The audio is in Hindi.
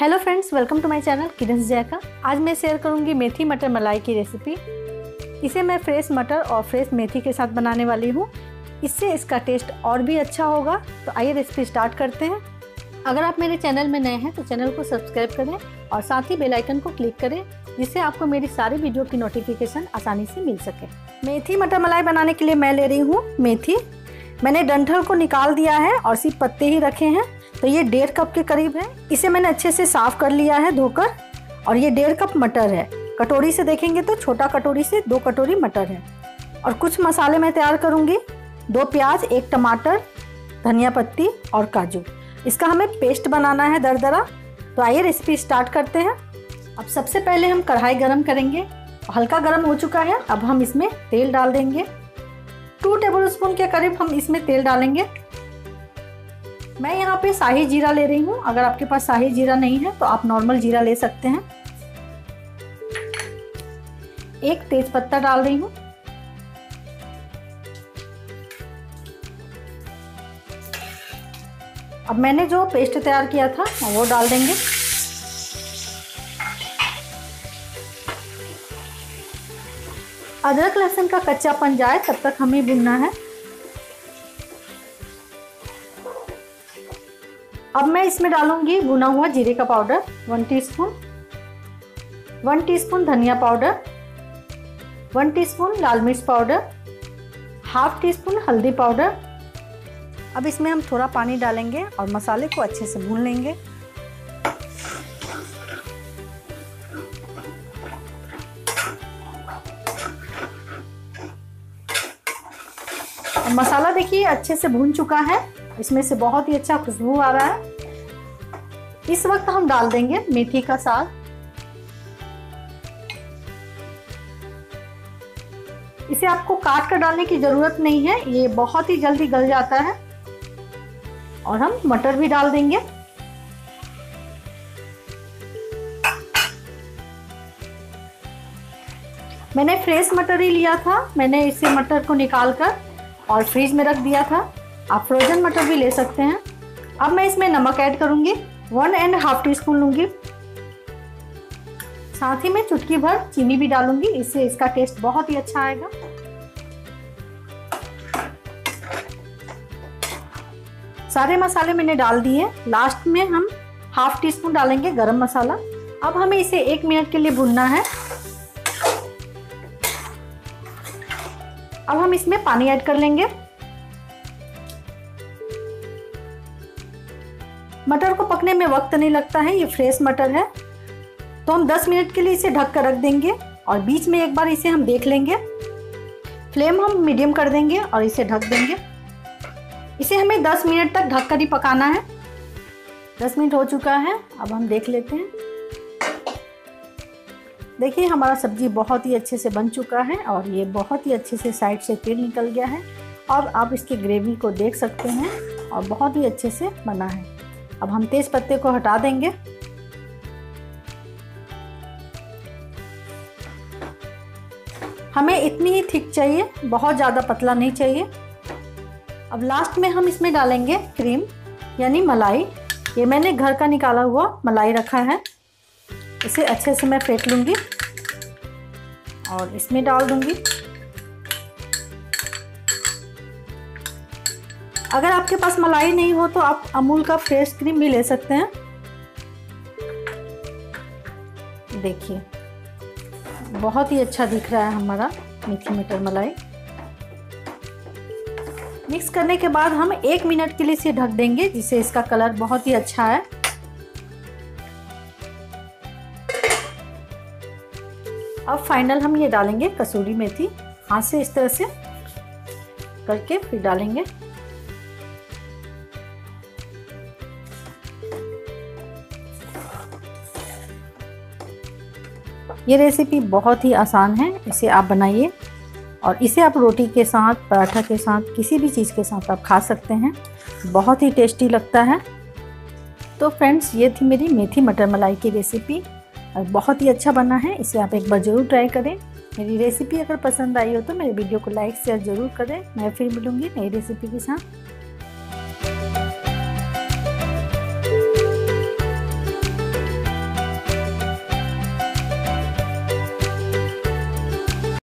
hello friends welcome to my channel Kiran जैका आज मैं शेयर करूंगी मेथी मटर मलाई की रेसिपी इसे मैं फ्रेश मटर और फ्रेश मेथी के साथ बनाने वाली हूं इससे इसका टेस्ट और भी अच्छा होगा तो आइए रेसिपी स्टार्ट करते हैं अगर आप मेरे चैनल में नए हैं तो चैनल को सब्सक्राइब करें और साथ ही बेलाइकन को क्लिक करें जिससे आपको मेरी सारी वीडियो की नोटिफिकेशन आसानी से मिल सके मेथी मटर मलाई बनाने के लिए मैं ले रही हूँ मेथी मैंने डंठल को निकाल दिया है और सिर्फ पत्ते ही रखे हैं तो ये डेढ़ कप के करीब है इसे मैंने अच्छे से साफ़ कर लिया है धोकर और ये डेढ़ कप मटर है कटोरी से देखेंगे तो छोटा कटोरी से दो कटोरी मटर है और कुछ मसाले मैं तैयार करूँगी दो प्याज एक टमाटर धनिया पत्ती और काजू इसका हमें पेस्ट बनाना है दरदरा तो आइए रेसिपी स्टार्ट करते हैं अब सबसे पहले हम कढ़ाई गरम करेंगे हल्का गरम हो चुका है अब हम इसमें तेल डाल देंगे टू टेबल स्पून के करीब हम इसमें तेल डालेंगे मैं यहाँ पे शाही जीरा ले रही हूँ अगर आपके पास शाही जीरा नहीं है तो आप नॉर्मल जीरा ले सकते हैं एक तेज पत्ता डाल रही हूँ अब मैंने जो पेस्ट तैयार किया था वो डाल देंगे अदरक लहसुन का कच्चापन जाए तब तक हमें भुनना है अब मैं इसमें डालूंगी भुना हुआ जीरे का powder one teaspoon, one teaspoon धनिया पाउडर वन टीस्पून लाल मिर्च पाउडर हाफ टी स्पून हल्दी पाउडर अब इसमें हम थोड़ा पानी डालेंगे और मसाले को अच्छे से भून लेंगे मसाला देखिए अच्छे से भून चुका है इसमें से बहुत ही अच्छा खुशबू आ रहा है इस वक्त हम डाल देंगे मेथी का साग इसे आपको काट कर डालने की ज़रूरत नहीं है ये बहुत ही जल्दी गल जाता है और हम मटर भी डाल देंगे मैंने फ्रेश मटर ही लिया था मैंने इसे मटर को निकाल कर और फ्रिज में रख दिया था आप फ्रोजन मटर भी ले सकते हैं अब मैं इसमें नमक ऐड करूंगी one and half teaspoon लूंगी साथ ही मैं चुटकी भर चीनी भी डालूंगी इससे इसका टेस्ट बहुत ही अच्छा आएगा सारे मसाले मैंने डाल दिए लास्ट में हम हाफ टी स्पून डालेंगे गरम मसाला अब हमें इसे एक मिनट के लिए भूनना है अब हम इसमें पानी ऐड कर लेंगे पकने में वक्त नहीं लगता है ये फ्रेश मटर है तो हम 10 मिनट के लिए इसे ढक कर रख देंगे और बीच में एक बार इसे हम देख लेंगे फ्लेम हम मीडियम कर देंगे और इसे ढक देंगे इसे हमें 10 मिनट तक ढक कर ही पकाना है 10 मिनट हो चुका है अब हम देख लेते हैं देखिए हमारा सब्जी बहुत ही अच्छे से बन चुका है और ये बहुत ही अच्छे से साइड से तेल निकल गया है और आप इसकी ग्रेवी को देख सकते हैं और बहुत ही अच्छे से बना है अब हम तेज़ पत्ते को हटा देंगे हमें इतनी ही थिक चाहिए बहुत ज़्यादा पतला नहीं चाहिए अब लास्ट में हम इसमें डालेंगे क्रीम यानी मलाई ये मैंने घर का निकाला हुआ मलाई रखा है इसे अच्छे से मैं फेंट लूँगी और इसमें डाल दूँगी अगर आपके पास मलाई नहीं हो तो आप अमूल का फ्रेश क्रीम भी ले सकते हैं देखिए बहुत ही अच्छा दिख रहा है हमारा मीठी मीटर मलाई मिक्स करने के बाद हम एक मिनट के लिए इसे ढक देंगे जिससे इसका कलर बहुत ही अच्छा है अब फाइनल हम ये डालेंगे कसूरी मेथी हाथ से इस तरह से करके फिर डालेंगे ये रेसिपी बहुत ही आसान है इसे आप बनाइए और इसे आप रोटी के साथ पराठा के साथ किसी भी चीज़ के साथ आप खा सकते हैं बहुत ही टेस्टी लगता है तो फ्रेंड्स ये थी मेरी मेथी मटर मलाई की रेसिपी और बहुत ही अच्छा बना है इसे आप एक बार ज़रूर ट्राई करें मेरी रेसिपी अगर पसंद आई हो तो मेरे वीडियो को लाइक शेयर ज़रूर करें मैं फिर मिलूँगी नई रेसिपी के साथ